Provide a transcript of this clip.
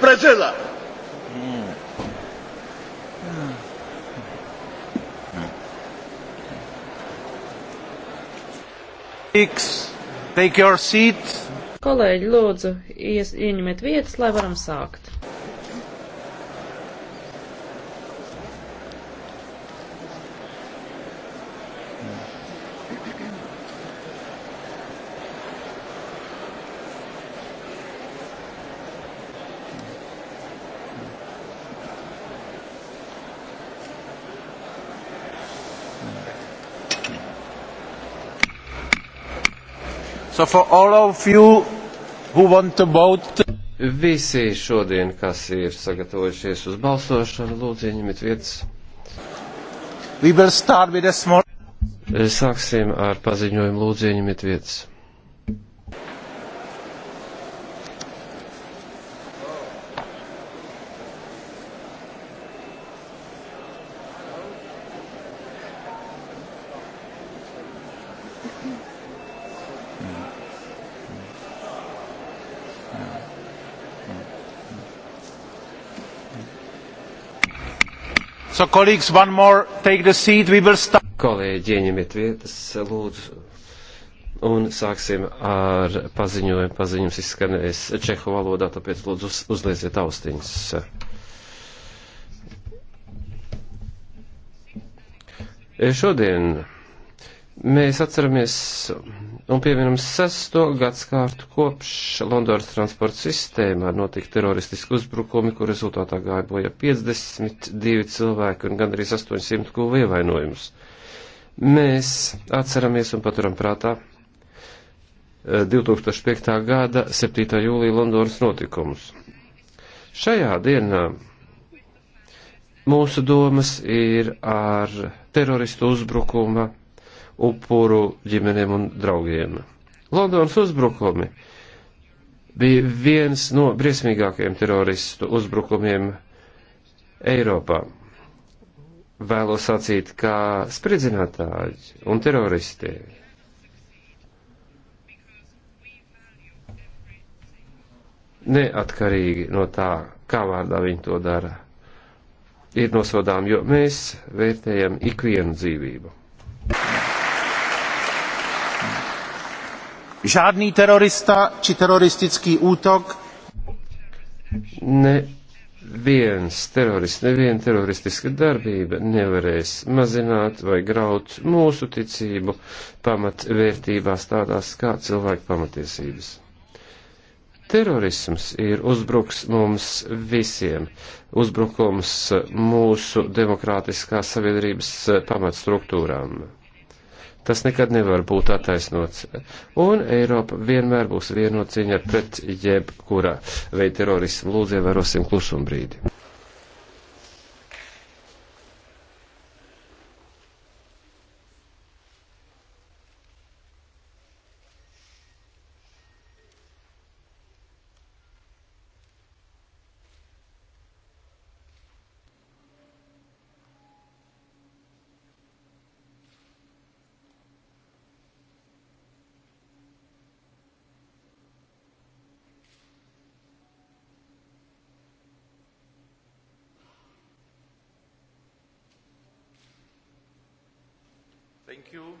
Brazila. Take your seat. Kolēģi, lūdzu, ies, ieņemiet vietas, lai varam sākt. So for all of you who want to vote. Visi šodien, kas ir sagatavojušies uz balsošanu, lūdzu ieņemiet vietas. We will start with a small... Eh, sāksim ar paziņojumu lūdzu ieņemiet vietas. Thank you. So, colleagues, one more, take the seat, we will start. Kolēģi, ieņemiet vietas, lūdzu. Un sāksim ar paziņojumu. Paziņums izskanēs čehu valodā, tāpēc lūdzu uz, uzlieciet austiņas. Šodien Mēs atceramies un pieminam sesto gadskārtu kopš Londonas transporta sistēmā notika teroristiski uzbrukumi, kur rezultātā gāja bojā 52 cilvēki un gandrīz 800 guva ievainojumus. Mēs atceramies un paturam prātā 2005. Eh, gada 7. jūlija Londonas notikumus. Šajā dienā mūsu domas ir ar teroristu uzbrukuma upuru ģimenēm un draugiem. Londonas uzbrukumi bija viens no briesmīgākajiem teroristu uzbrukumiem Eiropā. Vēlos sacīt, kā spridzinātāji un teroristi. Neatkarīgi no tā, kā vārdā viņi to dara, ir nosodām, jo mēs vērtējam ikvienu dzīvību. Žádný terorista či teroristický útok. Neviens terorists, neviena teroristiska darbība nevarēs mazināt vai graut mūsu ticību pamatvērtībās tādās kā cilvēku pamatiesības. Terorisms ir uzbruks mums visiem, uzbrukums mūsu demokrātiskās sabiedrības pamatstruktūrām. Tas nekad nevar būt attaisnots. Un Eiropa vienmēr būs vienot cīņa pret jebkura veida terorismu. Lūdzu, ievērosim klusumbrīdi. Thank you.